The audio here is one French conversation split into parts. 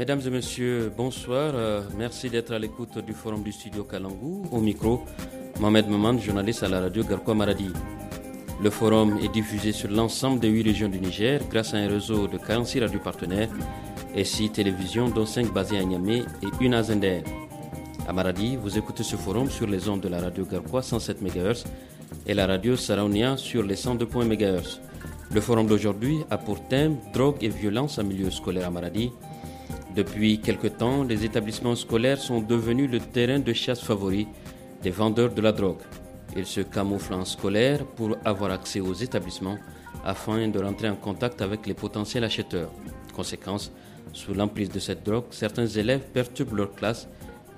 Mesdames et messieurs, bonsoir. Euh, merci d'être à l'écoute du forum du studio Kalangou. Au micro, Mohamed Maman, journaliste à la radio Garko Maradi. Le forum est diffusé sur l'ensemble des huit régions du Niger grâce à un réseau de 46 radios partenaires et six télévisions, dont 5 basées à Niamey et une à Zender. À Maradi, vous écoutez ce forum sur les ondes de la radio Garkoa 107 MHz et la radio Saraunia sur les 102 MHz. Le forum d'aujourd'hui a pour thème Drogue et violence en milieu scolaire à Maradi depuis quelque temps, les établissements scolaires sont devenus le terrain de chasse favori des vendeurs de la drogue. Ils se camouflent en scolaire pour avoir accès aux établissements afin de rentrer en contact avec les potentiels acheteurs. Conséquence, sous l'emprise de cette drogue, certains élèves perturbent leur classe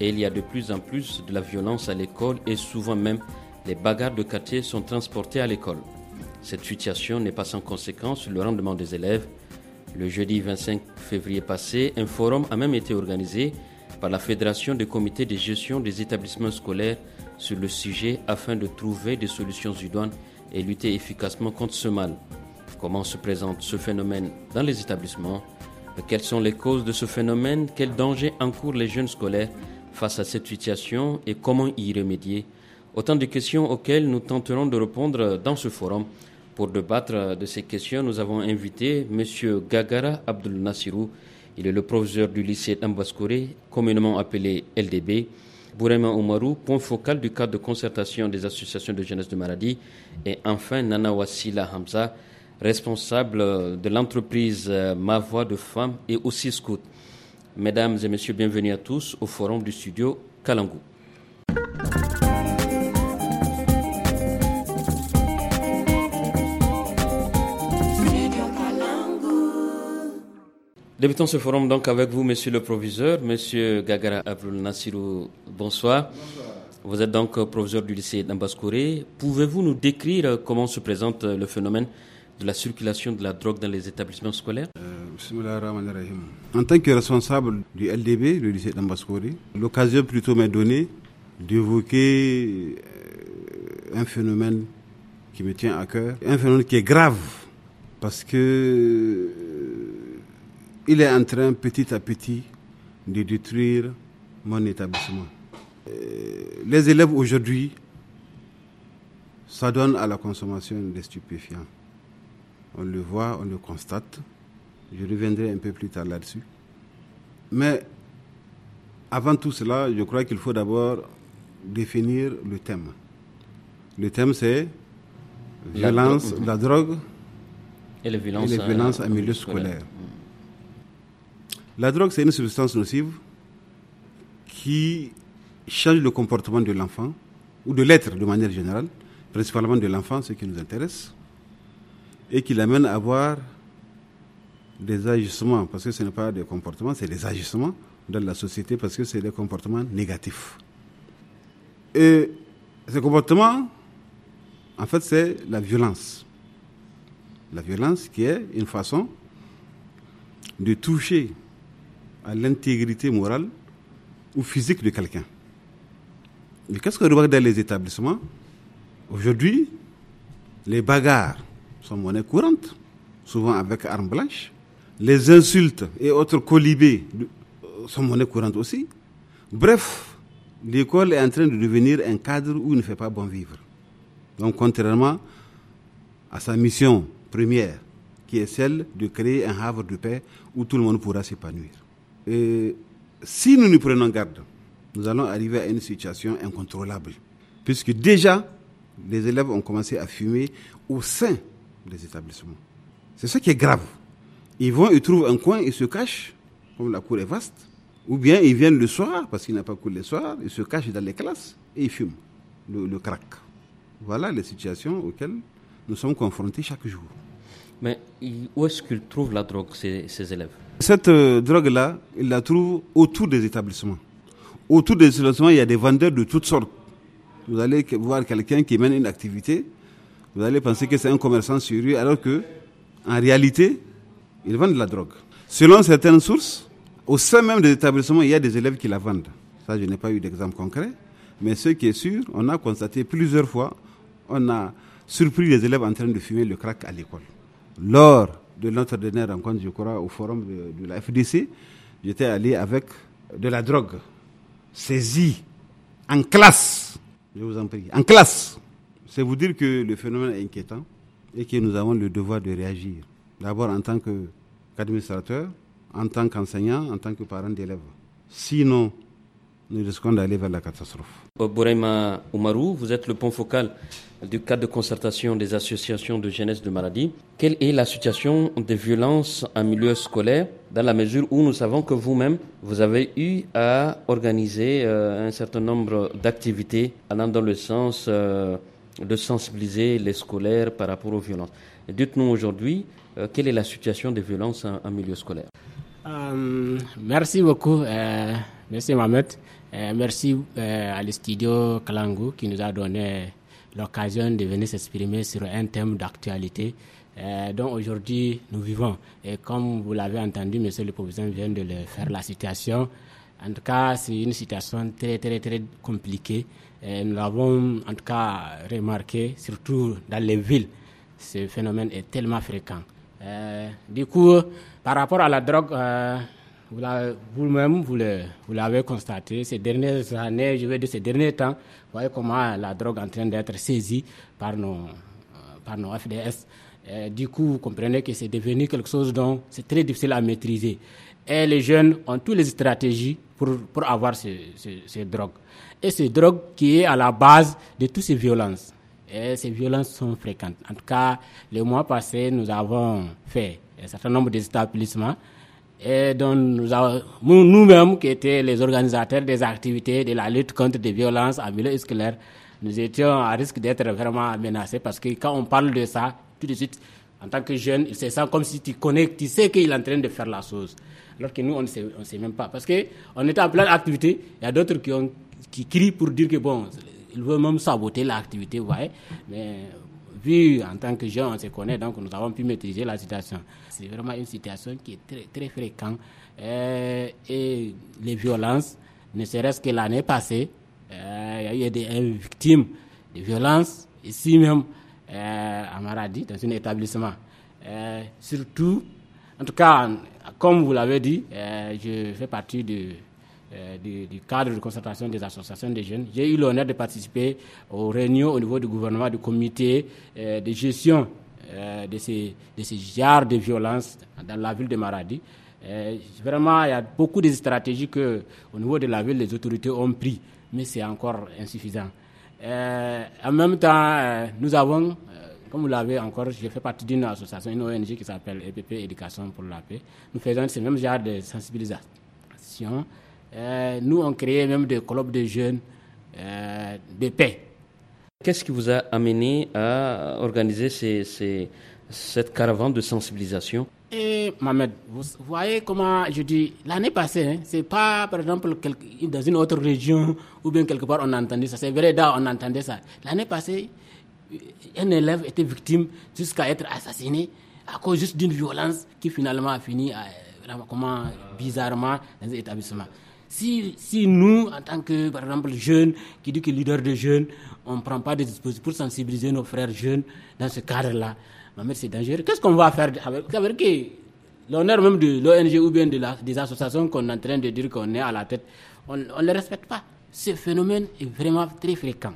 et il y a de plus en plus de la violence à l'école et souvent même les bagarres de quartier sont transportées à l'école. Cette situation n'est pas sans conséquence sur le rendement des élèves le jeudi 25 février passé, un forum a même été organisé par la Fédération des comités de gestion des établissements scolaires sur le sujet afin de trouver des solutions idoines et lutter efficacement contre ce mal. Comment se présente ce phénomène dans les établissements Quelles sont les causes de ce phénomène Quels dangers encourent les jeunes scolaires face à cette situation et comment y remédier Autant de questions auxquelles nous tenterons de répondre dans ce forum pour débattre de ces questions, nous avons invité M. Gagara Abdul Nassirou. Il est le professeur du lycée Tambaskouré, communément appelé LDB. Bourema Oumarou, point focal du cadre de concertation des associations de jeunesse de maladie. Et enfin, Nana Wassila Hamza, responsable de l'entreprise Ma Voix de Femmes et aussi Scout. Mesdames et messieurs, bienvenue à tous au forum du studio Kalangou. Débutons ce forum donc avec vous, monsieur le proviseur, monsieur Gagara Abdul Nassirou. Bonsoir. Vous êtes donc proviseur du lycée d'Ambascouré. Pouvez-vous nous décrire euh, comment se présente euh, le phénomène de la circulation de la drogue dans les établissements scolaires euh, En tant que responsable du LDB, le lycée d'Ambascouré, l'occasion plutôt m'est donnée d'évoquer un phénomène qui me tient à cœur, un phénomène qui est grave parce que il est en train petit à petit de détruire mon établissement. Euh, les élèves aujourd'hui s'adonnent à la consommation des stupéfiants. On le voit, on le constate. Je reviendrai un peu plus tard là-dessus. Mais avant tout cela, je crois qu'il faut d'abord définir le thème. Le thème, c'est violence, la drogue, la drogue et les violences, en milieu scolaire. La drogue, c'est une substance nocive qui change le comportement de l'enfant, ou de l'être de manière générale, principalement de l'enfant, ce qui nous intéresse, et qui l'amène à avoir des ajustements, parce que ce n'est pas des comportements, c'est des ajustements dans la société, parce que c'est des comportements négatifs. Et ce comportement, en fait, c'est la violence. La violence qui est une façon de toucher à l'intégrité morale ou physique de quelqu'un. Mais qu'est-ce que regardent dans les établissements Aujourd'hui, les bagarres sont monnaie courante, souvent avec armes blanches. Les insultes et autres colibés sont monnaie courante aussi. Bref, l'école est en train de devenir un cadre où il ne fait pas bon vivre. Donc, contrairement à sa mission première, qui est celle de créer un havre de paix où tout le monde pourra s'épanouir. Et si nous nous prenons garde, nous allons arriver à une situation incontrôlable. Puisque déjà, les élèves ont commencé à fumer au sein des établissements. C'est ça qui est grave. Ils vont, ils trouvent un coin, ils se cachent, comme la cour est vaste. Ou bien ils viennent le soir, parce qu'il n'y a pas cours le soir, ils se cachent dans les classes et ils fument le, crack. Voilà les situations auxquelles nous sommes confrontés chaque jour. Mais où est-ce qu'ils trouvent la drogue, ces élèves cette euh, drogue-là, il la trouve autour des établissements. Autour des établissements, il y a des vendeurs de toutes sortes. Vous allez voir quelqu'un qui mène une activité, vous allez penser que c'est un commerçant sur rue, alors que, en réalité, il vend de la drogue. Selon certaines sources, au sein même des établissements, il y a des élèves qui la vendent. Ça, je n'ai pas eu d'exemple concret, mais ce qui est sûr, on a constaté plusieurs fois, on a surpris les élèves en train de fumer le crack à l'école. Lors de notre dernière rencontre, je crois, au forum de, la FDC, j'étais allé avec de la drogue saisie en classe. Je vous en prie, en classe. C'est vous dire que le phénomène est inquiétant et que nous avons le devoir de réagir. D'abord en tant qu'administrateur, en tant qu'enseignant, en tant que parent d'élèves. Sinon, nous risquons d'aller vers la catastrophe. Boureima Oumarou, vous êtes le pont focal du cadre de concertation des associations de jeunesse de maladie. Quelle est la situation des violences en milieu scolaire dans la mesure où nous savons que vous-même, vous avez eu à organiser euh, un certain nombre d'activités allant dans le sens euh, de sensibiliser les scolaires par rapport aux violences. Dites-nous aujourd'hui, euh, quelle est la situation des violences en, milieu scolaire Merci beaucoup, Monsieur Mamet. Euh, merci euh, à studio Kalangu qui nous a donné euh, l'occasion de venir s'exprimer sur un thème d'actualité euh, dont aujourd'hui nous vivons. Et comme vous l'avez entendu, Monsieur le Président vient de le faire la situation. En tout cas, c'est une situation très, très, très compliquée. Et nous l'avons en tout cas remarqué, surtout dans les villes. Ce phénomène est tellement fréquent. du coup, par rapport à la drogue, vous-même, vous l'avez constaté, ces dernières années, je veux dire ces derniers temps, vous voyez comment la drogue est en train d'être saisie par nos, euh, par nos FDS. du coup, vous comprenez que c'est devenu quelque chose dont c'est très difficile à maîtriser. Et les jeunes ont toutes les stratégies pour, pour avoir ces, ces, drogues. Et ces drogues qui est à la base de toutes ces violences. Et ces violences sont fréquentes. En tout cas, le mois passé, nous avons fait un certain nombre d'établissements et dont nous, nous-mêmes, qui étions les organisateurs des activités de la lutte contre des violences à milieu scolaire, nous étions à risque d'être vraiment menacés parce que quand on parle de ça, tout de suite, en tant que jeune, il se sent comme si tu connais, tu sais qu'il est en train de faire la chose. Alors que nous, on ne sait, on sait même pas. Parce qu'on était en plein activité, il y a d'autres qui, ont, qui crient pour dire que bon, ils veulent même saboter l'activité, vous voyez. Mais vu en tant que gens, on se connaît, donc nous avons pu maîtriser la situation. C'est vraiment une situation qui est très, très fréquente. Euh, et les violences, ne serait-ce que l'année passée, euh, il y a eu des victimes de violences, ici même, euh, à Maradi, dans un établissement. surtout, en tout cas, comme vous l'avez dit, je fais partie de euh, du, cadre de concertation des associations des jeunes. J'ai eu l'honneur de participer aux réunions au niveau du gouvernement, du comité euh, de gestion euh, de, ces, de ces de violence dans la ville de Maradi. vraiment, il y a beaucoup de stratégies que, au niveau de la ville, les autorités ont pris, mais c'est encore insuffisant. en même temps, nous avons comme vous l'avez encore, je fais partie d'une association, une ONG qui s'appelle EPP Éducation pour la paix. Nous faisons ce même genre de sensibilisation euh, nous, on créé même des clubs de jeunes euh, de paix. Qu'est-ce qui vous a amené à organiser cette caravane de sensibilisation Et Mohamed, vous voyez comment je dis, l'année passée, hein, c'est pas par exemple dans une autre région ou bien quelque part on entendait ça, c'est vrai, là on entendait ça. L'année passée, un élève était victime jusqu'à être assassiné à cause juste d'une violence qui finalement a fini euh, comment, bizarrement dans un établissement. Si, si nous, en tant que, par exemple, jeunes, qui dit que leader de jeunes, on ne prend pas des dispositions pour sensibiliser nos frères jeunes dans ce cadre-là, c'est dangereux. Qu'est-ce qu'on va faire avec, avec l'honneur même de l'ONG ou bien de la, des associations qu'on est en train de dire qu'on est à la tête On ne le respecte pas. Ce phénomène est vraiment très fréquent.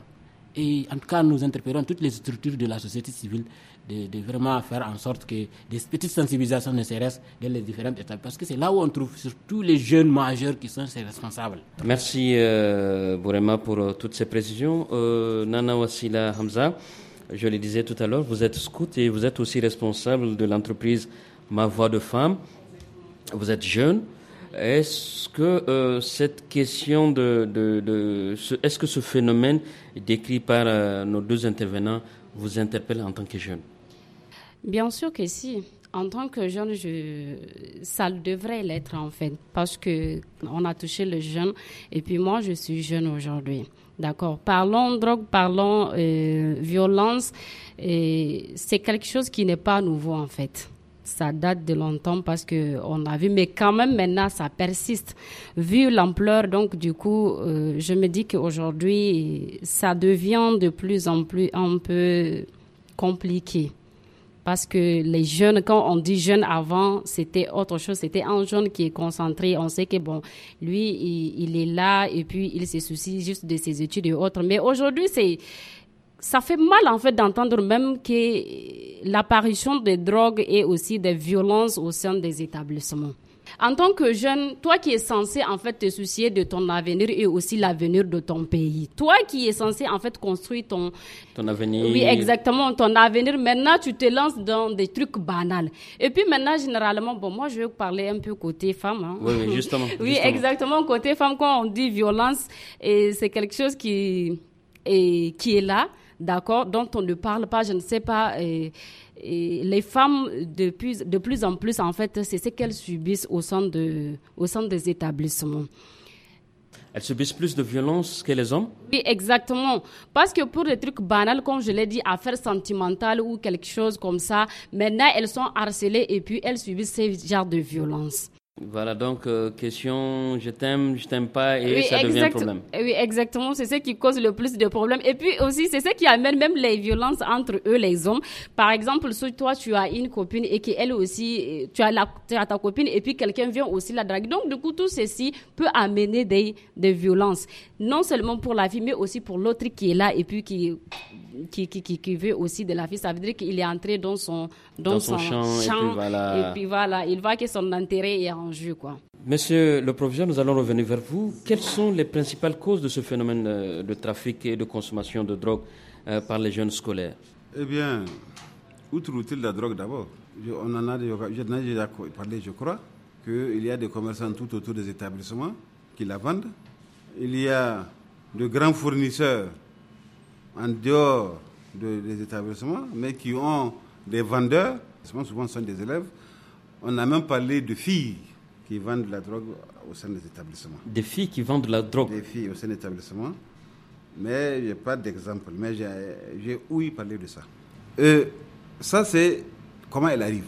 Et en tout cas, nous interpellons toutes les structures de la société civile de, vraiment faire en sorte que des petites sensibilisations ne cessent dans les différentes étapes. Parce que c'est là où on trouve surtout les jeunes majeurs qui sont ces responsables. Merci euh, pour euh, toutes ces précisions. Euh, Nana Wassila Hamza, je le disais tout à l'heure, vous êtes scout et vous êtes aussi responsable de l'entreprise Ma Voix de Femme. Vous êtes jeune. Est-ce que euh, cette question de, est-ce que ce phénomène décrit par nos deux intervenants vous interpelle en tant que jeune Bien sûr que si. En tant que jeune, je, ça devrait l'être en fait, parce que on a touché le jeune, et puis moi, je suis jeune aujourd'hui. D'accord. Parlons drogue, parlons euh, violence. C'est quelque chose qui n'est pas nouveau en fait. Ça date de longtemps parce que on a vu, mais quand même maintenant ça persiste. Vu l'ampleur, donc du coup, euh, je me dis qu'aujourd'hui ça devient de plus en plus un peu compliqué parce que les jeunes, quand on dit jeunes avant, c'était autre chose, c'était un jeune qui est concentré, on sait que bon, lui, il, est là et puis il se soucie juste de ses études et autres. Mais aujourd'hui, c'est ça fait mal en fait d'entendre même que l'apparition des drogues et aussi des violences au sein des établissements. En tant que jeune, toi qui es censé en fait te soucier de ton avenir et aussi l'avenir de ton pays, toi qui es censé en fait construire ton ton avenir. Oui, exactement, ton avenir. Maintenant, tu te lances dans des trucs banals. Et puis maintenant, généralement, bon, moi je vais parler un peu côté femme. Hein. Oui, justement. oui, exactement, côté femme quand on dit violence, et c'est quelque chose qui est, qui est là d'accord, dont on ne parle pas, je ne sais pas. Et les femmes, de plus en plus, en fait, c'est ce qu'elles subissent au sein, au sein des établissements. Elles subissent plus de violence que les hommes Oui, exactement. Parce que pour des trucs banals, comme je l'ai dit, affaires sentimentales ou quelque chose comme ça, maintenant elles sont harcelées et puis elles subissent ces genres de violence. Voilà, donc euh, question je t'aime, je t'aime pas et ça devient un problème. Oui, exactement, c'est ce qui cause le plus de problèmes. Et puis aussi, c'est ce qui amène même les violences entre eux, les hommes. Par exemple, si toi tu as une copine et qu'elle aussi, tu as, ta copine et puis quelqu'un vient aussi la draguer. Donc du coup, tout ceci peut amener des, des violences, non seulement pour la fille, mais aussi pour l'autre qui est là et puis qui qui, veut aussi de la vie Ça veut dire qu'il est entré dans son, dans, son, champ, et, puis voilà. il voit que son intérêt est en jeu. Quoi. Monsieur le professeur nous allons revenir vers vous. Quelles sont les principales causes de ce phénomène euh, de trafic et de consommation de drogue euh, par les jeunes scolaires Eh bien, où trouve-t-il la drogue d'abord On en a déjà parlé, je crois, qu'il y a des commerçants tout autour des établissements qui la vendent. Il y a de grands fournisseurs en dehors de, des établissements, mais qui ont des vendeurs, souvent sont des élèves. On a même parlé de filles qui vendent de la drogue au sein des établissements. Des filles qui vendent de la drogue Des filles au sein des établissements. Mais je n'ai pas d'exemple, mais j'ai ouï parler de ça. ça, c'est comment elle arrive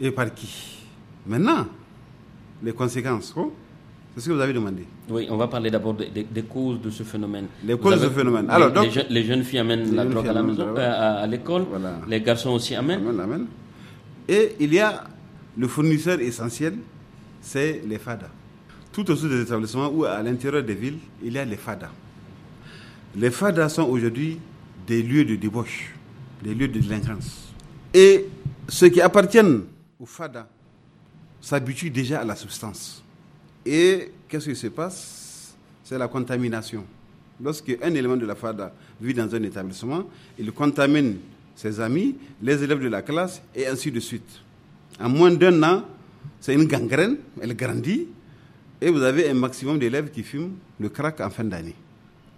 et par qui. Maintenant, les conséquences. Oh, c'est ce que vous avez demandé. Oui, on va parler d'abord des, causes de ce phénomène. Les causes de ce phénomène. Alors, les, jeunes filles amènent la drogue à la maison, euh, à l'école. Les garçons aussi amènent. Et il y a le fournisseur essentiel, c'est les FADA. Tout au autour des établissements ou à l'intérieur des villes, il y a les FADA. Les FADA sont aujourd'hui des lieux de débauche, des lieux de délinquance. Et ceux qui appartiennent aux FADA s'habituent déjà à la substance et qu'est-ce qui se passe C'est la contamination. Lorsqu'un élément de la FADA vit dans un établissement, il contamine ses amis, les élèves de la classe, et ainsi de suite. En moins d'un an, c'est une gangrène, elle grandit, et vous avez un maximum d'élèves qui fument le crack en fin d'année.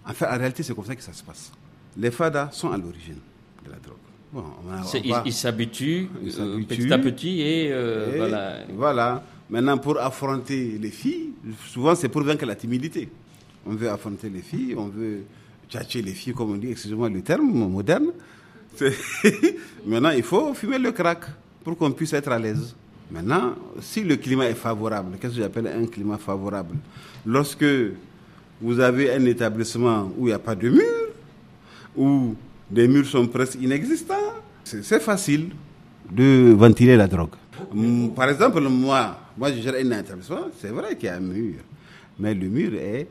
En fait, en réalité, c'est comme ça que ça se passe. Les FADA sont à l'origine de la drogue. Bon, on ils s'habituent euh, petit à petit et, euh, et voilà. voilà. Maintenant, pour affronter les filles, souvent c'est pour vaincre la timidité. On veut affronter les filles, on veut tchatcher les filles, comme on dit, excusez-moi le terme moderne. Maintenant, il faut fumer le crack pour qu'on puisse être à l'aise. Maintenant, si le climat est favorable, qu'est-ce que j'appelle un climat favorable Lorsque vous avez un établissement où il n'y a pas de mur, où des murs sont presque inexistants, c'est facile de ventiler la drogue. Mm, par exemple, moi, moi je gère un c'est vrai qu'il y a un mur, mais le mur est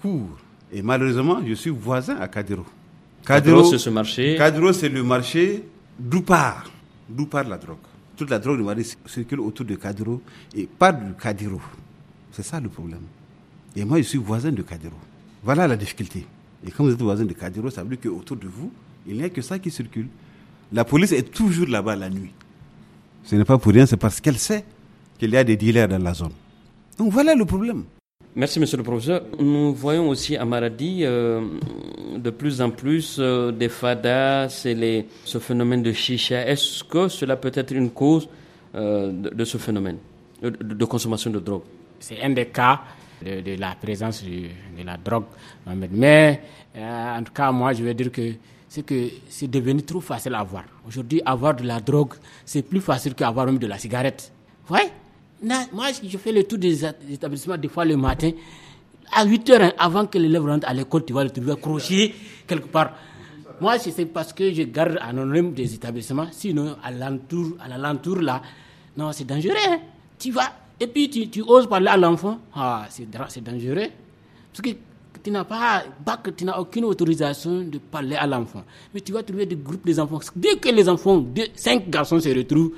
court. Et malheureusement, je suis voisin à Cadiro Cadiro c'est ce marché. Cadiro c'est le marché d'où part, d'où part la drogue. Toute la drogue du Mali circule autour de Cadiro et pas du Cadiro. C'est ça le problème. Et moi, je suis voisin de Cadiro Voilà la difficulté. Et comme vous êtes voisin de Cadiro ça veut dire qu'autour de vous, il n'y a que ça qui circule. La police est toujours là-bas la nuit. Ce n'est pas pour rien, c'est parce qu'elle sait qu'il y a des dealers dans la zone. Donc voilà le problème. Merci, monsieur le professeur. Nous voyons aussi à Maradi euh, de plus en plus euh, des fadas, les ce phénomène de chicha. Est-ce que cela peut être une cause euh, de, ce phénomène de, consommation de drogue C'est un des cas de, de la présence de, la drogue. Mais en tout cas, moi, je veux dire que c'est que c'est devenu trop facile à avoir. Aujourd'hui, avoir de la drogue, c'est plus facile qu'avoir même de la cigarette. ouais Moi, je fais le tour des établissements des fois le matin. À 8 heures, hein, avant que l'élève rentre à l'école, tu vas le trouver accroché quelque part. Moi, c'est parce que je garde anonyme des établissements. Sinon, à l'entour, à l'alentour, là, non, c'est dangereux. Hein. Tu vas, et puis tu, tu oses parler à l'enfant. Ah, c'est dangereux. Parce que tu n'as pas bac, tu n'as aucune autorisation de parler à l'enfant. Mais tu vas trouver des groupes des enfants. Dès que les enfants, deux, cinq garçons se retrouvent,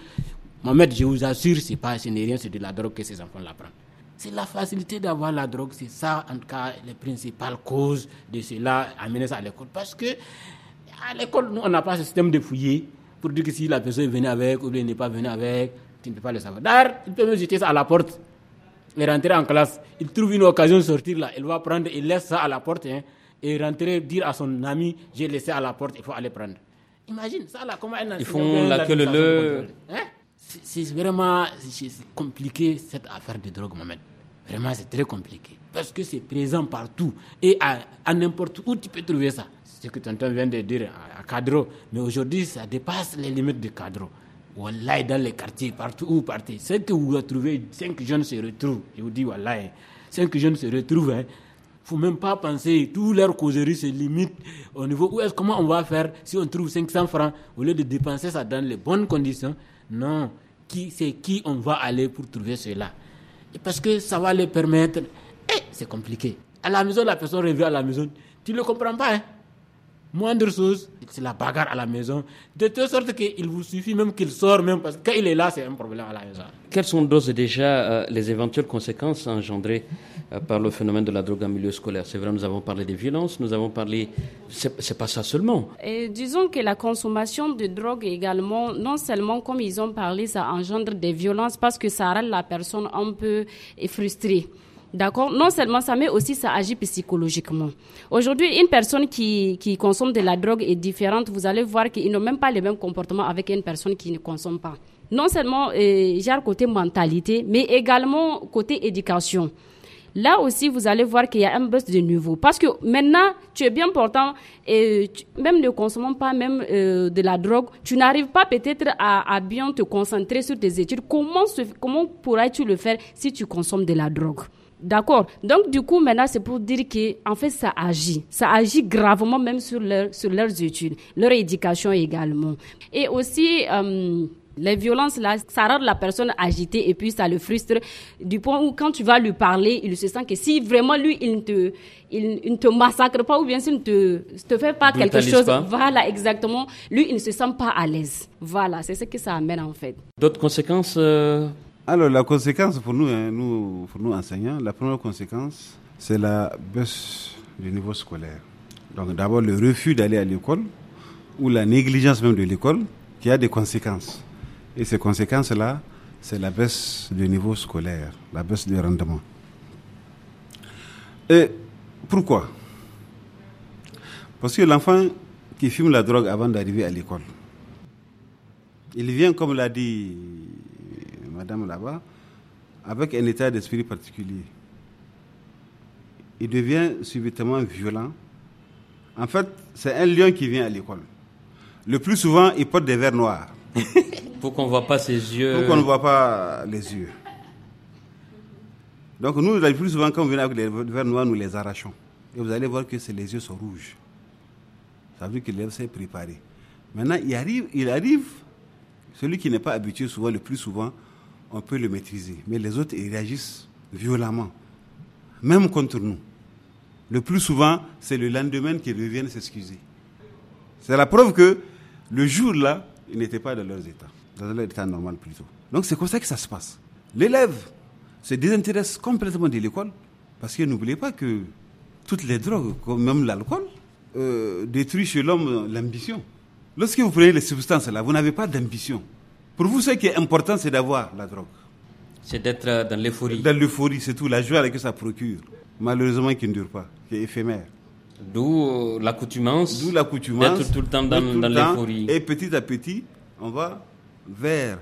Mohamed, je vous assure, c'est pas, ce n'est rien, c'est de la drogue que ces enfants l'apprennent. C'est la facilité d'avoir la drogue, c'est ça, en tout cas, la principale cause de cela, amener ça à l'école. Parce que, à l'école, nous, on n'a pas ce système de fouiller pour dire que si la personne est venue avec ou bien n'est pas venue avec, tu ne peux pas le savoir. D'ailleurs, tu peux même jeter ça à la porte est rentré en classe. Il trouve une occasion de sortir là, il va prendre, il laisse ça à la porte hein, et rentrer dire à son ami, j'ai laissé à la porte, il faut aller prendre. Imagine ça là, comment fait Ils font la queue le le. Hein? C'est vraiment compliqué cette affaire de drogue, Mohamed. Vraiment, c'est très compliqué. Parce que c'est présent partout. Et à, n'importe où, tu peux trouver ça. C'est ce que tonton vient de dire à, à Cadro. Mais aujourd'hui, ça dépasse les limites de Cadro. Wallahi, dans les quartiers, partout où vous partez, c'est que vous retrouvez, cinq jeunes se retrouvent. Je vous dis, Wallahi, cinq jeunes se retrouvent. ne hein. faut même pas penser, toutes leurs causeries se limitent au niveau où est-ce, comment on va faire si on trouve 500 francs au lieu de dépenser ça dans les bonnes conditions. Non, qui, c'est qui on va aller pour trouver cela. parce que ça va les permettre. et eh, c'est compliqué. À la maison, la personne revient à la maison. Tu ne le comprends pas, hein? moindre chose, c'est la bagarre à la maison. De telle sorte qu'il vous suffit même qu'il sorte, même parce que il est là, c'est un problème à la maison. Quelles sont d'ores déjà euh, les éventuelles conséquences engendrées euh, par le phénomène de la drogue en milieu scolaire C'est vrai, nous avons parlé des violences, nous avons parlé. C'est pas ça seulement. Et disons que la consommation de drogue également, non seulement comme ils ont parlé, ça engendre des violences parce que ça rend la personne un peu frustrée. D'accord Non seulement ça, mais aussi ça agit psychologiquement. Aujourd'hui, une personne qui, consomme de la drogue est différente. Vous allez voir qu'ils n'ont même pas les mêmes comportements avec une personne qui ne consomme pas. Non seulement, euh, un côté mentalité, mais également côté éducation là aussi, vous allez voir qu'il y a un buzz de niveau. Parce que maintenant, tu es bien portant, et même ne consommant pas même euh, de la drogue, tu n'arrives pas peut-être à, bien te concentrer sur tes études. Comment, comment pourrais-tu le faire si tu consommes de la drogue D'accord Donc, du coup, maintenant, c'est pour dire que en fait, ça agit. Ça agit gravement même sur, leur, sur leurs études, leur éducation également. Et aussi... Euh, les violences, là, ça rend la personne agitée et puis ça le frustre du point où quand tu vas lui parler, il se sent que si vraiment lui, il ne te, il, ne te massacre pas ou bien s'il ne te, te fait pas quelque chose, voilà, exactement, lui, il ne se sent pas à l'aise. Voilà, c'est ce que ça amène en fait. D'autres conséquences euh, alors, la conséquence pour nous, hein, nous, pour nous enseignants, la première conséquence, c'est la baisse du niveau scolaire. Donc, d'abord, le refus d'aller à l'école ou la négligence même de l'école qui a des conséquences. Et ces conséquences-là, c'est la baisse du niveau scolaire, la baisse du rendement. Et pourquoi Parce que l'enfant qui fume la drogue avant d'arriver à l'école, il vient, comme l'a dit dame là-bas, avec un état d'esprit particulier. Il devient subitement violent. En fait, c'est un lion qui vient à l'école. Le plus souvent, il porte des verres noirs. Pour qu'on ne voit pas ses yeux. Pour qu'on ne voit pas les yeux. Donc nous, le plus souvent, quand on vient avec les verres noirs, nous les arrachons. Et vous allez voir que les yeux sont rouges. Ça veut dire que l'élève s'est préparé. Maintenant, il arrive, il arrive, celui qui n'est pas habitué souvent, le plus souvent, on peut le maîtriser. Mais les autres, ils réagissent violemment, même contre nous. Le plus souvent, c'est le lendemain qu'ils reviennent s'excuser. C'est la preuve que le jour-là, ils n'étaient pas dans leur état, dans leur état normal plutôt. Donc c'est comme ça que ça se passe. L'élève se désintéresse complètement de l'école, parce que n'oubliez pas que toutes les drogues, comme même l'alcool, euh, détruisent chez l'homme l'ambition. Lorsque vous prenez les substances là, vous n'avez pas d'ambition. Pour vous, ce qui est important, c'est d'avoir la drogue. C'est d'être euh, dans l'euphorie. Dans l'euphorie, c'est tout. La joie que ça procure, malheureusement, qui ne dure pas, qui est éphémère. D'où euh, l'accoutumance. D'où l'accoutumance. D'être tout le temps dans, l'euphorie. Et petit à petit, on va vers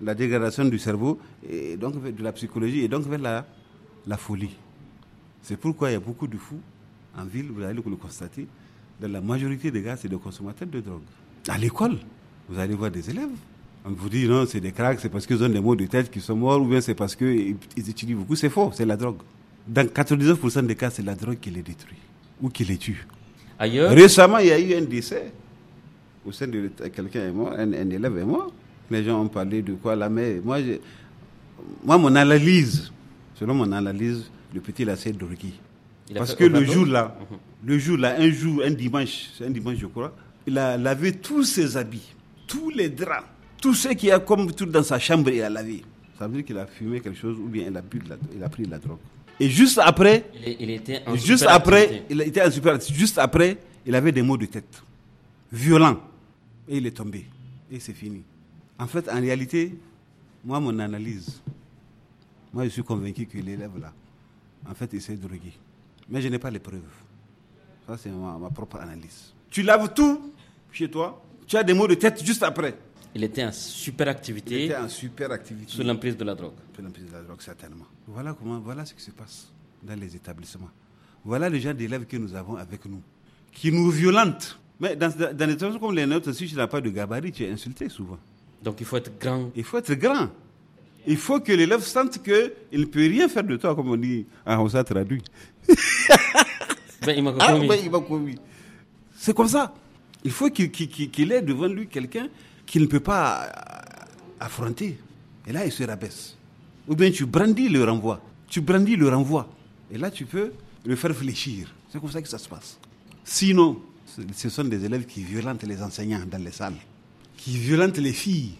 la dégradation du cerveau, et donc de la psychologie, et donc vers la, folie. C'est pourquoi il y a beaucoup de fous en ville, vous allez le constater. Dans la majorité des gars, c'est des consommateurs de drogue. À l'école, vous allez voir des élèves on vous dit non, c'est des cracks, c'est parce qu'ils ont des maux de tête qui sont morts, ou bien c'est parce qu'ils utilisent beaucoup. C'est faux, c'est la drogue. Dans 99% des cas, c'est la drogue qui les détruit ou qui les tue. Récemment, il y a eu un décès. Au sein de quelqu'un un, élève est mort. Les gens ont parlé de quoi là, mais moi, moi mon analyse, selon mon analyse, le petit là de drogué. Parce que le jour là, mhm. le jour là, un jour, un dimanche, c'est un dimanche je crois, il a lavé tous ses habits, tous les draps tout ce qu'il y a comme tout dans sa chambre, il a lavé. Ça veut dire qu'il a fumé quelque chose ou bien il a, bu il a pris la drogue. Et juste après, il, était en juste après, il était en super Juste après, il avait des maux de tête violents et il est tombé et c'est fini. En fait, en réalité, moi, mon analyse, moi, je suis convaincu que l'élève là, en fait, il s'est drogué, mais je n'ai pas les preuves. Ça, c'est ma, ma propre analyse. Tu laves tout chez toi, tu as des maux de tête juste après. Il était en super activité. Il était en super activité. Sous l'emprise de la drogue. Sous l'emprise de la drogue, certainement. Voilà comment, voilà ce qui se passe dans les établissements. Voilà le genre d'élèves que nous avons avec nous, qui nous violentent. Mais dans, des établissements comme les nôtres, si tu n'as pas de gabarit, tu es insulté souvent. Donc il faut être grand. Il faut être grand. Il faut que l'élève sente qu'il ne peut rien faire de toi, comme on dit en on traduit. Ben, ah, ben, il m'a commis. C'est comme ça. Il faut qu'il ait devant lui quelqu'un qu'il ne peut pas affronter. Et là, il se rabaisse. Ou bien tu brandis le renvoi. Tu brandis le renvoi. Et là, tu peux le faire fléchir. C'est comme ça que ça se passe. Sinon, ce sont des élèves qui violentent les enseignants dans les salles, qui violentent les filles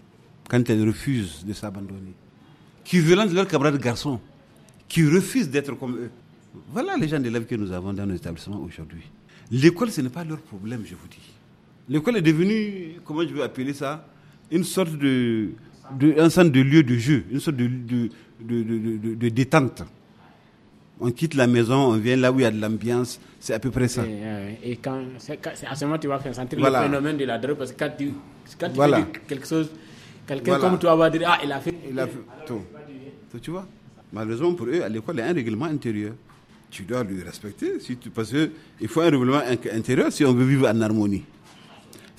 quand elles refusent de s'abandonner, qui violentent leurs camarades garçons, qui refusent d'être comme eux. Voilà les gens d'élèves que nous avons dans nos établissements aujourd'hui. L'école, ce n'est pas leur problème, je vous dis. L'école est devenue, comment je veux appeler ça, une sorte de, de un centre de lieu de jeu, une sorte de, détente. On quitte la maison, on vient là où il y a de l'ambiance, c'est à peu près ça. Et, euh, quand, à ce moment tu vas sentir voilà. le phénomène de la drogue, parce que quand tu, quand voilà. quelque chose, quelqu'un comme toi va dire Ah, il a fait. tout. Tu vois Malheureusement pour eux, à l'école, il y a un règlement intérieur. Tu dois le respecter, si tu, parce qu'il faut un règlement intérieur si on veut vivre en harmonie.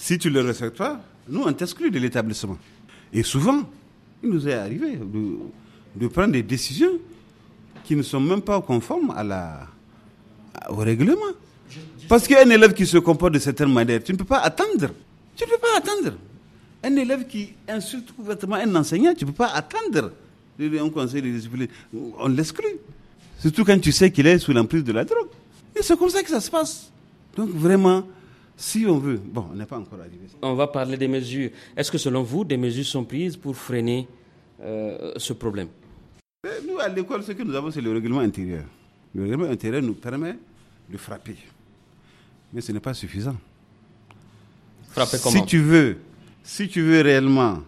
Si tu ne le respectes pas, nous, on t'exclut de l'établissement. Et souvent, il nous est arrivé de, prendre des décisions qui ne sont même pas conformes au règlement. Parce qu'un élève qui se comporte de cette manière, tu ne peux pas attendre. Tu ne peux pas attendre. Un élève qui insulte ouvertement un enseignant, tu ne peux pas attendre un conseil de discipline. On l'exclut. Surtout quand tu sais qu'il est sous l'emprise de la drogue. Et c'est comme ça que ça se passe. Donc vraiment, si on veut, bon, on n'est pas encore arrivé. On va parler des mesures. Est-ce que selon vous, des mesures sont prises pour freiner euh, ce problème Nous, à l'école, ce que nous avons, c'est le règlement intérieur. Le règlement intérieur nous permet de frapper. Mais ce n'est pas suffisant. Frapper comment Si tu veux, si tu veux réellement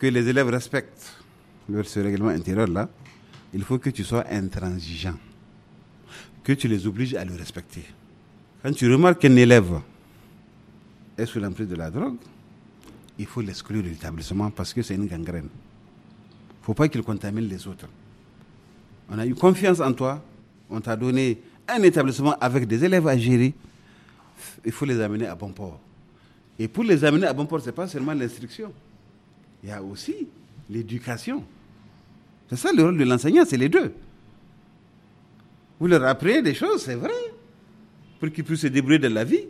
que les élèves respectent ce règlement intérieur-là, il faut que tu sois intransigeant, que tu les obliges à le respecter. Quand tu remarques qu'un élève est sous l'emprise de la drogue, il faut l'exclure de l'établissement parce que c'est une gangrène. Il ne faut pas qu'il contamine les autres. On a eu confiance en toi, on t'a donné un établissement avec des élèves à gérer, il faut les amener à bon port. Et pour les amener à bon port, ce n'est pas seulement l'instruction, il y a aussi l'éducation. C'est ça le rôle de l'enseignant, c'est les deux. Vous leur apprenez des choses, c'est vrai pour qu'ils puissent se débrouiller de la vie,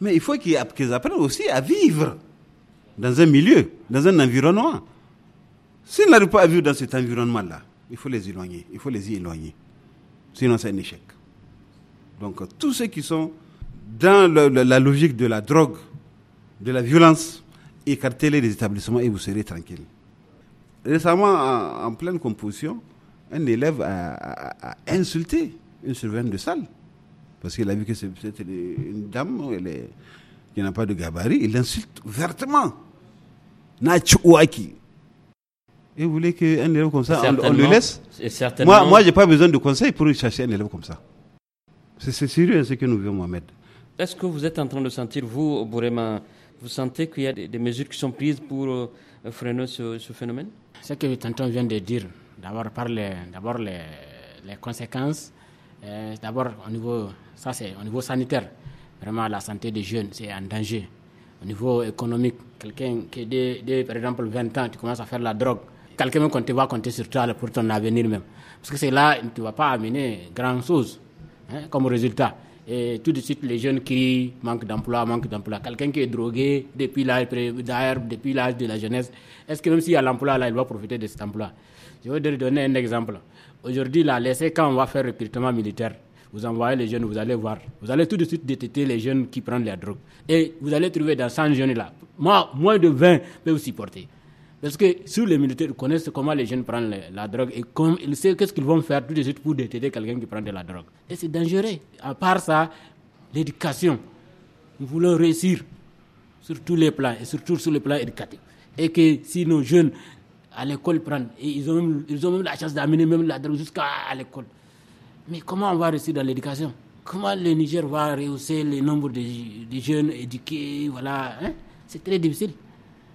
mais il faut qu'ils apprennent aussi à vivre dans un milieu, dans un environnement. S'ils n'arrivent pas à vivre dans cet environnement-là, il faut les éloigner, il faut les y éloigner. Sinon, c'est un échec. Donc, tous ceux qui sont dans la logique de la drogue, de la violence, écartez-les des établissements et vous serez tranquille. Récemment, en, pleine composition, un élève a, a insulté une surveillante de salle parce qu'il a vu que c'est une dame qui n'a pas de gabarit, il l'insulte ouvertement. natchouaki Et vous voulez qu'un élève comme ça, on, le laisse Moi, moi je n'ai pas besoin de conseils pour chercher un élève comme ça. C'est sérieux hein, ce que nous vivons, Mohamed. Est-ce que vous êtes en train de sentir, vous, Bourema, vous sentez qu'il y a des, mesures qui sont prises pour euh, freiner ce, phénomène Ce que Tanton vient de dire, d'abord par les, les, conséquences, euh, d'abord au niveau ça, c'est au niveau sanitaire. Vraiment, la santé des jeunes, c'est en danger. Au niveau économique, quelqu'un qui, dès, par exemple, 20 ans, tu commences à faire la drogue. Quelqu'un qui qu'on te voit, compter sur toi pour ton avenir même. Parce que c'est là, tu ne vas pas amener grand chose hein, comme résultat. Et tout de suite, les jeunes qui manquent d'emploi, manquent d'emploi. Quelqu'un qui est drogué depuis l'âge, depuis l'âge de la jeunesse, est-ce que même s'il y a l'emploi là, il va profiter de cet emploi Je vais te donner un exemple. Aujourd'hui, là, laisser quand on va faire le recrutement militaire, vous envoyez les jeunes, vous allez voir. Vous allez tout de suite détecter les jeunes qui prennent la drogue. Et vous allez trouver dans 100 jeunes là, moi, moins de 20 peuvent supporter. Parce que sur les militaires, connaissent comment les jeunes prennent la, drogue et comme ils savent qu'est-ce qu'ils vont faire tout de suite pour détecter quelqu'un qui prend de la drogue. Et c'est dangereux. À part ça, l'éducation, nous voulons réussir sur tous les plans et surtout sur le plan éducatif. Et que si nos jeunes à l'école prennent, ils, ont ils ont même la chance d'amener même la drogue jusqu'à l'école. Mais comment on va réussir dans l'éducation Comment le Niger va rehausser le nombre de, jeunes éduqués voilà, hein? C'est très difficile.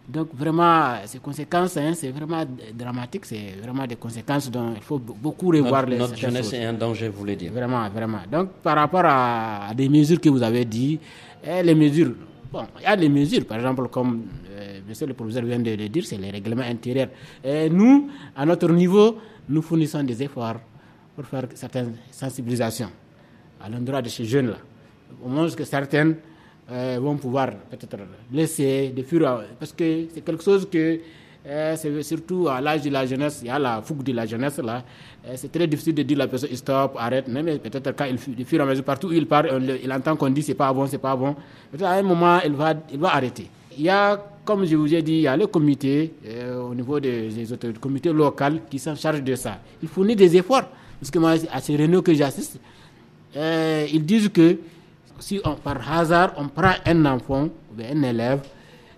Donc vraiment, ces conséquences, hein, c'est vraiment dramatique, c'est vraiment des conséquences dont il faut beaucoup revoir notre, les Notre jeunesse est un danger, vous voulez dire. Vraiment, vraiment. Donc par rapport à, des mesures que vous avez dit, eh, les mesures, bon, il y a des mesures, par exemple, comme euh, monsieur le professeur vient de le dire, c'est les règlements intérieurs. Et nous, à notre niveau, nous fournissons des efforts pour faire certaines sensibilisations à l'endroit de ces jeunes-là. Au moins que certaines euh, vont pouvoir peut-être laisser des fureurs. Parce que c'est quelque chose que, euh, c'est surtout à l'âge de la jeunesse, il y a la fougue de la jeunesse là. Euh, c'est très difficile de dire à la personne stop, arrête. Même peut-être quand il, fuit des partout où il part, il entend qu'on dit c'est pas bon, c'est pas bon. Peut-être à un moment, il va, il arrêter. Il y a comme je vous ai dit, il y a le comité au niveau des, des autorités, le comité local qui s'en charge de ça. Il fournit des efforts parce que moi, à ces réunions que j'assiste, euh, ils disent que si on, par hasard on prend un enfant un élève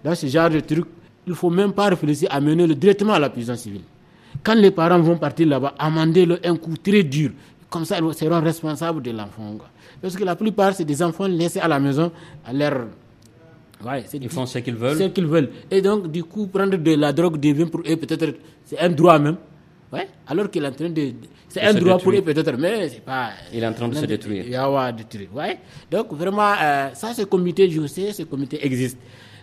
dans ce genre de truc, il ne faut même pas réfléchir à mener le directement à la prison civile. Quand les parents vont partir là-bas, amender-le un coup très dur. Comme ça, ils seront responsables de l'enfant. Parce que la plupart, c'est des enfants laissés à la maison à leur ils font ce qu'ils veulent. qu'ils veulent. Et donc, du coup, prendre de la drogue des vins pour eux peut-être, c'est un droit même. Ouais. Alors qu'il est en train de. C'est un droit pour lui peut-être, mais c'est pas. Il est en train de se détruire. Il va détruire. Ouais. Donc vraiment, euh, ça, ce comité, je sais, ce comité existe.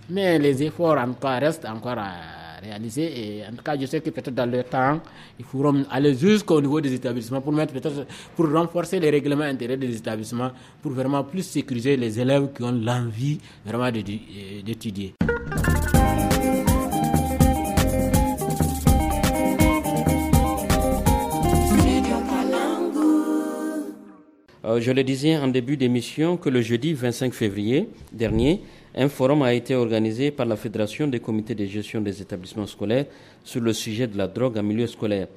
Mais les efforts en cas, restent encore à réaliser. Et en tout cas, je sais que peut-être dans le temps, il faudra aller jusqu'au niveau des établissements pour mettre peut-être pour renforcer les règlements intérêts des établissements pour vraiment plus sécuriser les élèves qui ont l'envie vraiment euh, d'étudier. Euh, je le disais en début d'émission que le jeudi 25 février dernier, un forum a été organisé par la Fédération des comités de gestion des établissements scolaires sur le sujet de la drogue en milieu scolaire.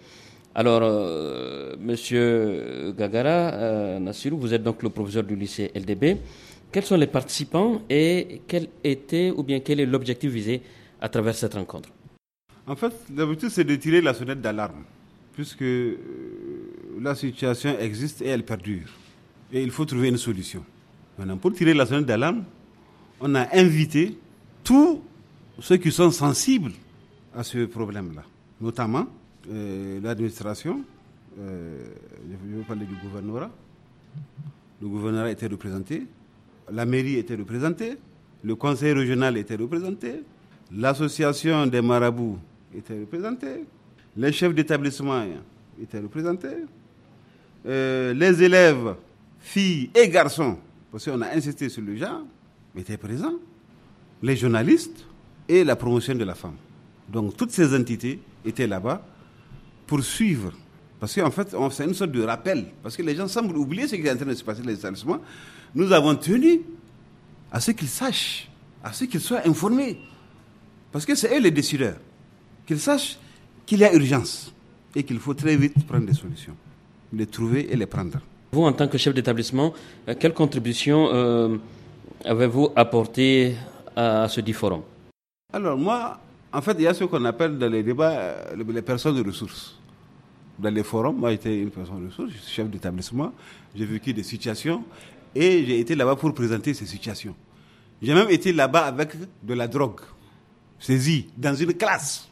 Alors, euh, Monsieur Gagara euh, vous êtes donc le professeur du lycée LDB. Quels sont les participants et quel était ou bien quel est l'objectif visé à travers cette rencontre En fait, l'objectif c'est de tirer la sonnette d'alarme, puisque la situation existe et elle perdure et il faut trouver une solution. Maintenant, pour tirer la sonnette d'alarme, on a invité tous ceux qui sont sensibles à ce problème-là, notamment euh, l'administration, euh, je vous parler du gouvernorat, le gouvernorat était représenté, la mairie était représentée, le conseil régional était représenté, l'association des marabouts était représentée, les chefs d'établissement étaient représentés, euh, les élèves filles et garçons, parce qu'on a insisté sur le genre, étaient présents, les journalistes et la promotion de la femme. Donc toutes ces entités étaient là-bas pour suivre. Parce qu'en fait, c'est une sorte de rappel. Parce que les gens semblent oublier ce qui est en train de se passer dans les établissements. Nous avons tenu à ce qu'ils sachent, à ce qu'ils soient informés. Parce que c'est eux les décideurs. Qu'ils sachent qu'il y a urgence et qu'il faut très vite prendre des solutions, les trouver et les prendre. Vous, en tant que chef d'établissement, euh, quelle contribution euh, avez-vous apporté à ce dit forum Alors moi, en fait, il y a ce qu'on appelle dans les débats euh, les personnes de ressources. Dans les forums, moi j'étais une personne de ressources, je suis chef d'établissement, j'ai vécu des situations et j'ai été là-bas pour présenter ces situations. J'ai même été là-bas avec de la drogue saisie dans une classe.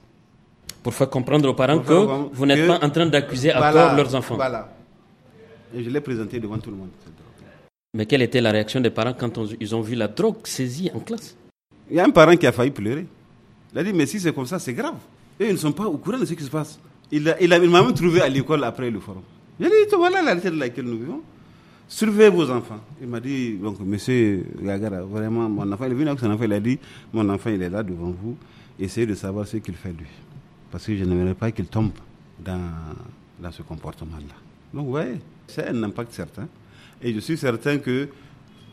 Pour faire comprendre aux parents que vous n'êtes pas en train d'accuser à tort leurs enfants. Et je l'ai présenté devant tout le monde, Mais quelle était la réaction des parents quand ils ont vu la drogue saisie en classe Il y a un parent qui a failli pleurer. Il a dit, mais si c'est comme ça, c'est grave. Et ils ne sont pas au courant de ce qui se passe. Il m'a il même trouvé à l'école après le forum. J'ai dit, voilà la réalité de laquelle nous vivons. Surveillez vos enfants. Il m'a dit, donc, monsieur vraiment, mon enfant, il est venu avec enfant, il a dit, mon enfant, il est là devant vous, essayez de savoir ce qu'il fait lui. Parce que je n'aimerais pas qu'il tombe dans, dans ce comportement-là. Donc, vous voyez, c'est un impact certain. Et je suis certain que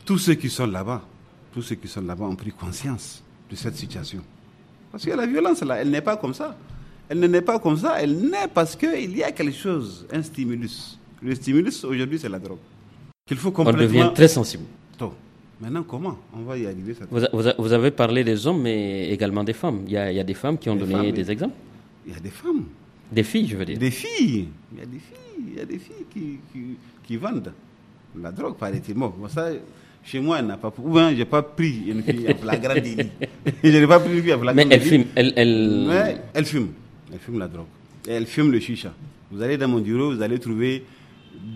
tous ceux qui sont là-bas, tous ceux qui sont là-bas ont pris conscience de cette situation. Parce que la violence, là, elle n'est pas comme ça. Elle n'est pas comme ça, elle naît parce qu'il y a quelque chose, un stimulus. Le stimulus, aujourd'hui, c'est la drogue. Qu'il faut complètement... On devient très sensible. Maintenant, comment on va y arriver vous, avez parlé des hommes, mais également des femmes. Il y a, des femmes qui ont donné des exemples. Il y a des femmes. Des filles, je veux dire. Des filles. Il y a des filles il y a des filles qui, vendent la drogue, par il ça, chez moi, n'a pas. je n'ai pas pris une fille à flagrant délit. je n'ai pas pris une fille à flagrant Mais elle fume. Elle, fume. la drogue. elle fume le chicha. Vous allez dans mon bureau, vous allez trouver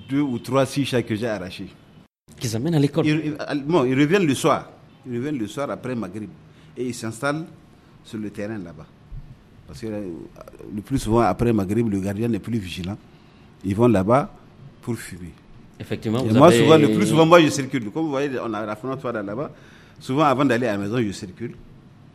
deux ou trois chichas que j'ai arrachés. Qu'ils amènent à l'école ils, ils reviennent le soir. Ils reviennent le soir après Maghrib. Et ils s'installent sur le terrain là-bas. Parce que euh, le plus souvent, après Maghrib, le gardien n'est plus vigilant. Ils vont là-bas pour fumer. Effectivement, moi, souvent, le plus souvent, moi, je circule. Comme vous voyez, on a la fenêtre là-bas. Souvent, avant d'aller à la maison, je circule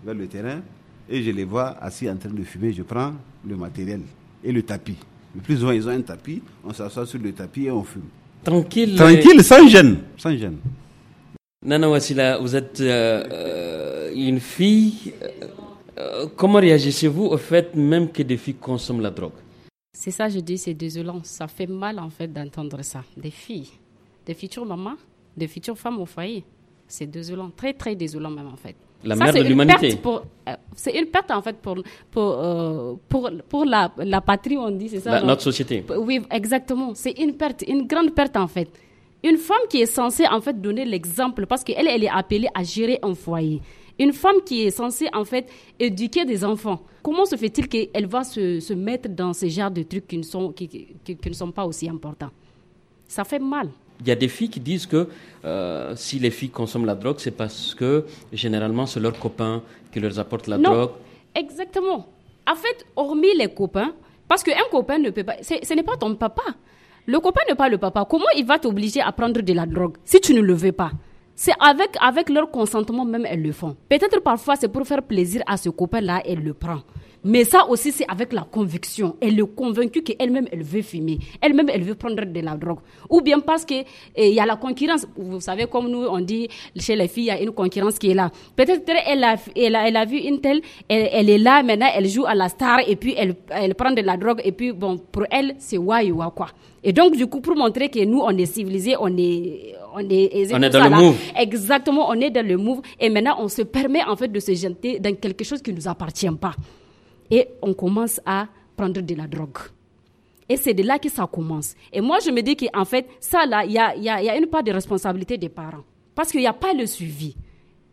vers le terrain et je les vois assis en train de fumer. Je prends le matériel et le tapis. Le plus souvent, ils ont un tapis. On s'assoit sur le tapis et on fume. Tranquille. Tranquille, sans gêne. Sans gêne. Nana Wassila, vous êtes euh, euh, une fille. Euh, comment réagissez-vous au fait même que des filles consomment la drogue c'est ça, je dis, c'est désolant. Ça fait mal, en fait, d'entendre ça. Des filles, des futures mamans, des futures femmes au foyer. C'est désolant, très, très désolant même, en fait. La de l'humanité. Euh, c'est une perte, en fait, pour, pour, euh, pour, pour la, la, patrie, on dit, c'est ça Notre société. Oui, exactement. C'est une perte, une grande perte, en fait. Une femme qui est censée, en fait, donner l'exemple, parce qu'elle, elle est appelée à gérer un foyer. Une femme qui est censée en fait éduquer des enfants, comment se fait-il qu'elle va se, mettre dans ce genre de trucs qui ne sont, pas aussi importants Ça fait mal. Il y a des filles qui disent que euh, si les filles consomment la drogue, c'est parce que généralement c'est leur copain qui leur apporte la non, drogue. Exactement. En fait, hormis les copains, parce qu'un copain ne peut pas. Ce n'est pas ton papa. Le copain n'est pas le papa. Comment il va t'obliger à prendre de la drogue si tu ne le veux pas c'est avec, avec leur consentement même, elles le font. Peut-être parfois, c'est pour faire plaisir à ce copain-là, elle le prend. Mais ça aussi, c'est avec la conviction. Elle est convaincue qu'elle-même, elle veut fumer. Elle-même, elle veut prendre de la drogue. Ou bien parce qu'il eh, y a la concurrence. Vous savez, comme nous, on dit chez les filles, il y a une concurrence qui est là. Peut-être elle a, elle, vu une telle, elle, est là, maintenant, elle joue à la star et puis elle, prend de la drogue. Et puis, bon, pour elle, c'est waouh, quoi. Et donc, du coup, pour montrer que nous, on est civilisés, on est, on est, dans le Exactement, on est dans le move. Et maintenant, on se permet, en fait, de se jeter dans quelque chose qui ne nous appartient pas et on commence à prendre de la drogue. Et c'est de là que ça commence. Et moi, je me dis qu'en fait, ça, là, il y a, une part de responsabilité des parents. Parce qu'il n'y a pas le suivi.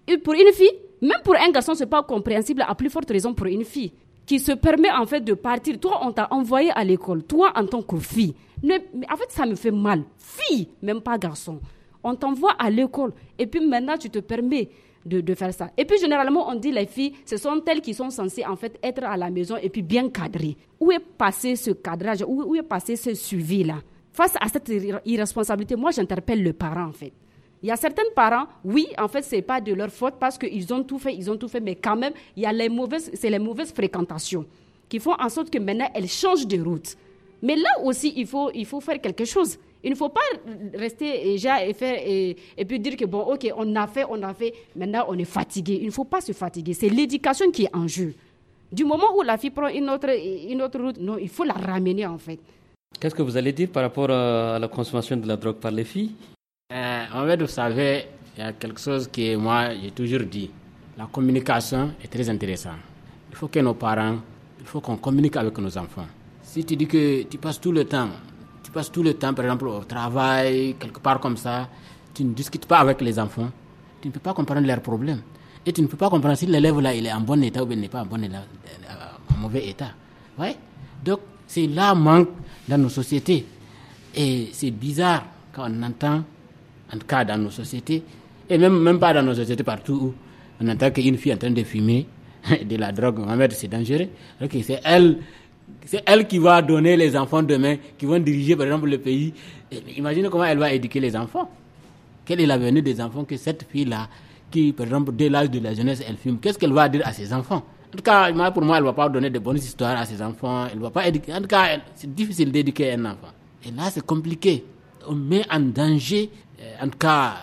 Et pour une fille, même pour un garçon, ce n'est pas compréhensible, à plus forte raison pour une fille, qui se permet en fait de partir. Toi, on t'a envoyé à l'école, toi en tant que fille. mais en fait, ça me fait mal. Fille, même pas garçon. On t'envoie à l'école. Et puis maintenant, tu te permets de, de, faire ça. Et puis généralement, on dit les filles, ce sont elles qui sont censées en fait être à la maison et puis bien cadrées. Où est passé ce cadrage Où, où est passé ce suivi-là Face à cette irresponsabilité, moi j'interpelle le parent en fait. Il y a certains parents, oui, en fait, ce n'est pas de leur faute parce qu'ils ont tout fait, ils ont tout fait, mais quand même, il y a les mauvaises, c'est les mauvaises fréquentations qui font en sorte que maintenant elles changent de route. Mais là aussi, il faut, il faut faire quelque chose. Il ne faut pas rester déjà et faire et, puis dire que bon, ok, on a fait, on a fait, maintenant on est fatigué. Il ne faut pas se fatiguer. C'est l'éducation qui est en jeu. Du moment où la fille prend une autre, une autre route, non, il faut la ramener en fait. Qu'est-ce que vous allez dire par rapport euh, à la consommation de la drogue par les filles euh, En fait, vous savez, il y a quelque chose que moi j'ai toujours dit. La communication est très intéressante. Il faut que nos parents, il faut qu'on communique avec nos enfants. Si tu dis que tu passes tout le temps tu passes tout le temps, par exemple, au travail, quelque part comme ça, tu ne discutes pas avec les enfants, tu ne peux pas comprendre leurs problèmes. Et tu ne peux pas comprendre si l'élève là, il est en bon état ou il n'est pas en bon état, en mauvais état. Ouais. Donc, c'est là manque dans nos sociétés. Et c'est bizarre quand on entend, en tout cas dans nos sociétés, et même, même pas dans nos sociétés, partout où on entend qu'une fille est en train de fumer de la drogue, c'est dangereux. c'est elle c'est elle qui va donner les enfants demain, qui vont diriger par exemple le pays. Imaginez comment elle va éduquer les enfants. Quelle est l'avenir des enfants que cette fille-là, qui par exemple dès l'âge de la jeunesse, elle fume, qu'est-ce qu'elle va dire à ses enfants En tout cas, pour moi, elle ne va pas donner de bonnes histoires à ses enfants. Elle va pas éduquer. En tout cas, c'est difficile d'éduquer un enfant. Et là, c'est compliqué. On met en danger, euh, en tout cas,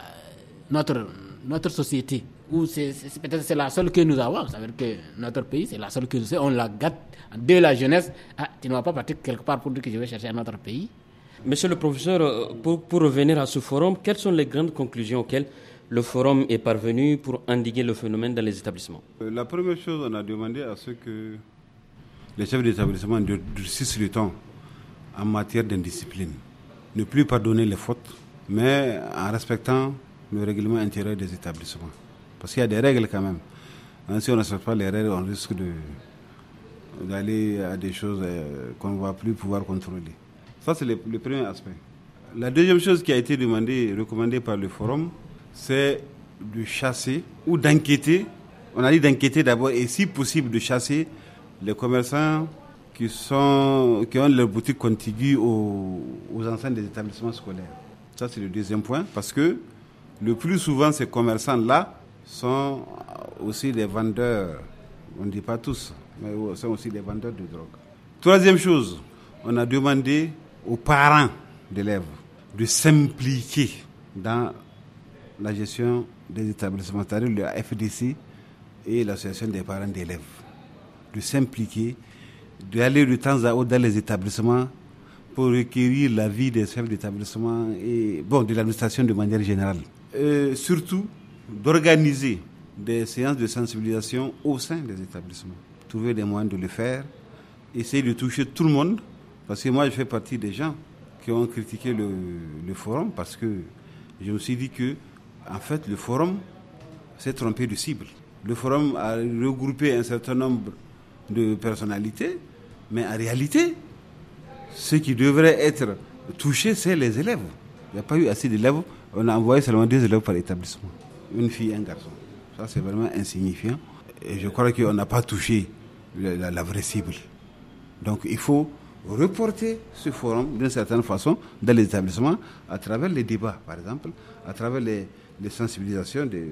notre société c'est peut-être c'est la seule que nous avons. cest à dire que notre pays, c'est la seule que nous avons. On la gâte de la jeunesse. Ah, tu ne vas pas partir quelque part pour dire que je vais chercher un autre pays. Monsieur le professeur, euh, pour, revenir à ce forum, quelles sont les grandes conclusions auxquelles le forum est parvenu pour endiguer le phénomène dans les établissements euh, La première chose, on a demandé à ce que les chefs d'établissement durcissent le temps en matière d'indiscipline. Ne plus pardonner les fautes, mais en respectant le règlement intérieur des établissements. Parce qu'il y a des règles quand même. Hein, si on ne respecte pas les règles, on risque d'aller à des choses euh, qu'on ne va plus pouvoir contrôler. Ça, c'est le, premier aspect. La deuxième chose qui a été demandée, recommandée par le forum, c'est de chasser ou d'inquiéter. On a dit d'inquiéter d'abord et si possible de chasser les commerçants qui, sont, qui ont leurs boutiques contiguës aux, aux enceintes des établissements scolaires. Ça, c'est le deuxième point, parce que le plus souvent, ces commerçants-là sont aussi des vendeurs, on ne dit pas tous, mais sont aussi des vendeurs de drogue. Troisième chose, on a demandé aux parents d'élèves de s'impliquer dans la gestion des établissements, c'est-à-dire le FDC et l'association des parents d'élèves, de s'impliquer, d'aller de temps à autre dans les établissements pour requérir l'avis des chefs d'établissement et bon, de l'administration de manière générale. surtout, d'organiser des séances de sensibilisation au sein des établissements. Trouver des moyens de le faire, essayer de toucher tout le monde, parce que moi je fais partie des gens qui ont critiqué le, forum, parce que je me suis dit que, en fait, le forum s'est trompé de cible. Le forum a regroupé un certain nombre de personnalités, mais en réalité, ce qui devrait être touché, c'est les élèves. Il n'y a pas eu assez d'élèves, on a envoyé seulement deux élèves par établissement une fille un garçon. Ça, c'est vraiment insignifiant. Et je crois qu'on n'a pas touché la, vraie cible. Donc, il faut reporter ce forum d'une certaine façon dans les établissements à travers les débats, par exemple, à travers les, sensibilisations. les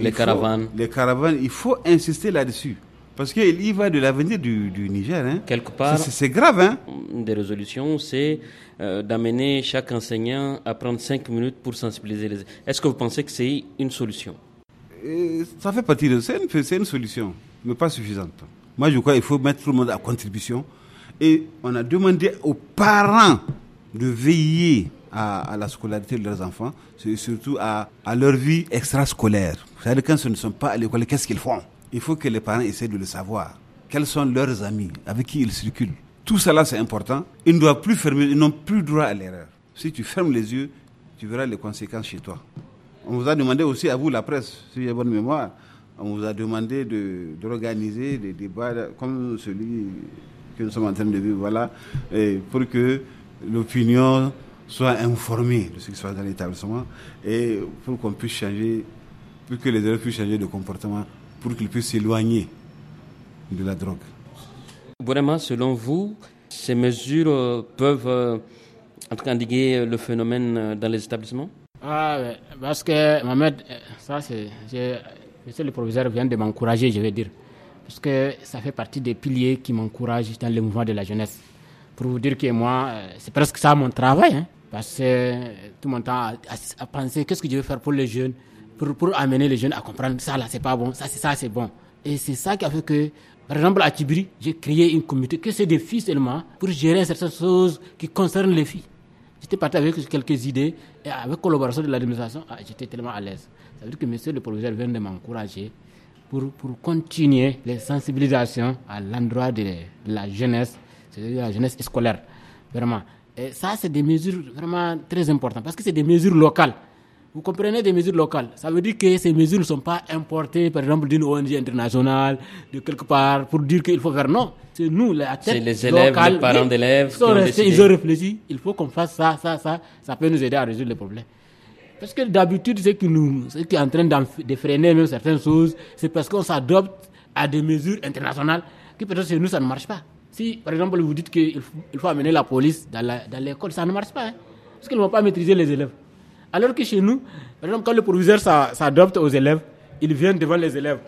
les caravanes. les caravanes, il faut insister là-dessus. Parce qu'il y va de l'avenir du, Niger. Hein. Quelque part. C'est grave. Hein. Une des résolutions, c'est euh, d'amener chaque enseignant à prendre cinq minutes pour sensibiliser les. Est-ce que vous pensez que c'est une solution euh, Ça fait partie de. ça, C'est une, solution, mais pas suffisante. Moi, je crois qu'il faut mettre tout le monde à contribution. Et on a demandé aux parents de veiller à, la scolarité de leurs enfants, surtout à, leur vie extrascolaire. Vous savez, quand ils ne sont pas à l'école, qu'est-ce qu'ils font il faut que les parents essaient de le savoir. Quels sont leurs amis, avec qui ils circulent. Tout cela, c'est important. Ils ne doivent plus fermer, ils n'ont plus droit à l'erreur. Si tu fermes les yeux, tu verras les conséquences chez toi. On vous a demandé aussi, à vous, la presse, si j'ai bonne mémoire, on vous a demandé d'organiser des débats comme celui que nous sommes en train de vivre, voilà, et pour que l'opinion soit informée de ce qui se passe dans l'établissement et pour qu'on puisse changer, pour que les élèves puissent changer de comportement pour qu'ils puissent s'éloigner de la drogue. Vraiment, selon vous, ces mesures euh, peuvent euh, en euh, le phénomène dans les établissements ah, Parce que Mohamed, ça c'est, monsieur le proviseur vient de m'encourager, je vais dire. Parce que ça fait partie des piliers qui m'encouragent dans le mouvement de la jeunesse. Pour vous dire que moi, c'est presque ça mon travail. Hein, parce que tout mon temps à, à penser qu'est-ce que je vais faire pour les jeunes pour, amener les jeunes à comprendre ça là, c'est pas bon, ça c'est ça, c'est bon. Et c'est ça qui a fait que, par exemple, à Tibiri, j'ai créé une communauté que c'est des filles seulement pour gérer certaines choses qui concernent les filles. J'étais parti avec quelques idées et avec collaboration de l'administration, ah, j'étais tellement à l'aise. Ça veut dire que monsieur le professeur vient de m'encourager pour, pour continuer les sensibilisations à l'endroit de la jeunesse, c'est-à-dire la jeunesse scolaire. Vraiment. Et ça, c'est des mesures vraiment très importantes parce que c'est des mesures locales. Vous comprenez des mesures locales. Ça veut dire que ces mesures ne sont pas importées, par exemple, d'une ONG internationale, de quelque part, pour dire qu'il faut faire. Non, c'est nous, les élèves, les parents d'élèves qui ont Ils ont réfléchi, il faut qu'on fasse ça, ça, ça. Ça peut nous aider à résoudre les problèmes. Parce que d'habitude, ce qui, nous, est en train de freiner même certaines choses, c'est parce qu'on s'adopte à des mesures internationales qui peut-être chez nous, ça ne marche pas. Si, par exemple, vous dites qu'il faut, il faut amener la police dans l'école, ça ne marche pas. Hein. parce qu'ils ne vont pas maîtriser les élèves. Alors que chez nous, quand le proviseur s'adopte aux élèves, il vient devant les élèves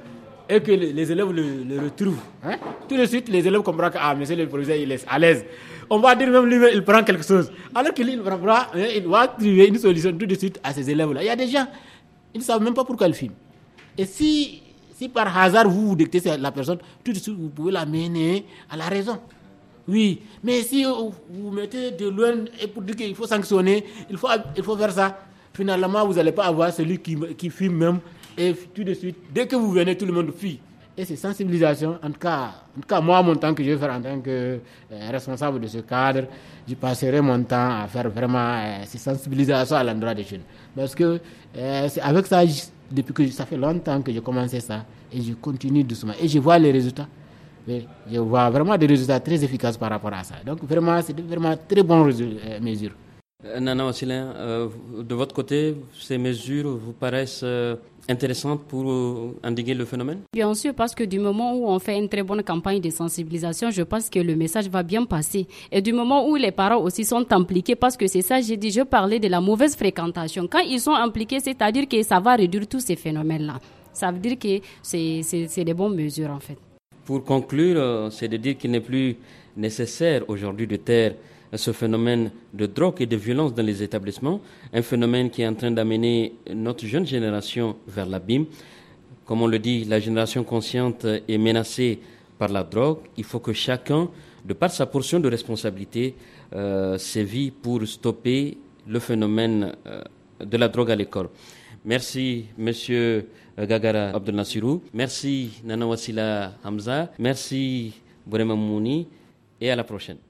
et que les élèves le, retrouvent. Hein. Tout de suite, les élèves comprennent que ah, monsieur le proviseur, il est à l'aise. On va dire même lui, il prend quelque chose. Alors qu'il il hein, il va trouver une solution tout de suite à ces élèves-là. Il y a des gens, ils ne savent même pas pourquoi ils filment. Et si, si par hasard vous vous dictez la personne, tout de suite vous pouvez la mener à la raison. Oui, mais si vous mettez de loin et pour dire qu'il faut sanctionner, il faut, il faut faire ça, finalement, vous n'allez pas avoir celui qui, qui fuit même. Et tout de suite, dès que vous venez, tout le monde fuit. Et ces sensibilisations, en tout cas, en tout cas moi, mon temps que je vais faire en tant que euh, responsable de ce cadre, je passerai mon temps à faire vraiment euh, ces sensibilisations à l'endroit des jeunes. Parce que euh, c'est avec ça, depuis que ça fait longtemps que j'ai commencé ça, et je continue doucement, et je vois les résultats. je vois vraiment des résultats très efficaces par rapport à ça. Donc vraiment, c'est vraiment très bonne mesure. Euh, Nana Wassilin, euh, de votre côté, ces mesures vous paraissent euh, intéressantes pour endiguer le phénomène Bien sûr, parce que du moment où on fait une très bonne campagne de sensibilisation, je pense que le message va bien passer. Et du moment où les parents aussi sont impliqués, parce que c'est ça, j'ai dit, je parlais de la mauvaise fréquentation. Quand ils sont impliqués, c'est-à-dire que ça va réduire tous ces phénomènes-là. Ça veut dire que c'est des bonnes mesures, en fait. Pour conclure, c'est de dire qu'il n'est plus nécessaire aujourd'hui de taire ce phénomène de drogue et de violence dans les établissements, un phénomène qui est en train d'amener notre jeune génération vers l'abîme. Comme on le dit, la génération consciente est menacée par la drogue. Il faut que chacun, de par sa portion de responsabilité, euh, sévit pour stopper le phénomène euh, de la drogue à l'école. Merci, monsieur euh, Gagara Abdel Nassirou. Merci, Nana Wassila Hamza. Merci, Bourema Mouni. Et à la prochaine.